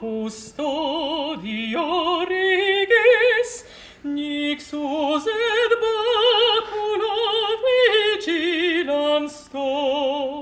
custodio regis, nix us et baculo vigilans tot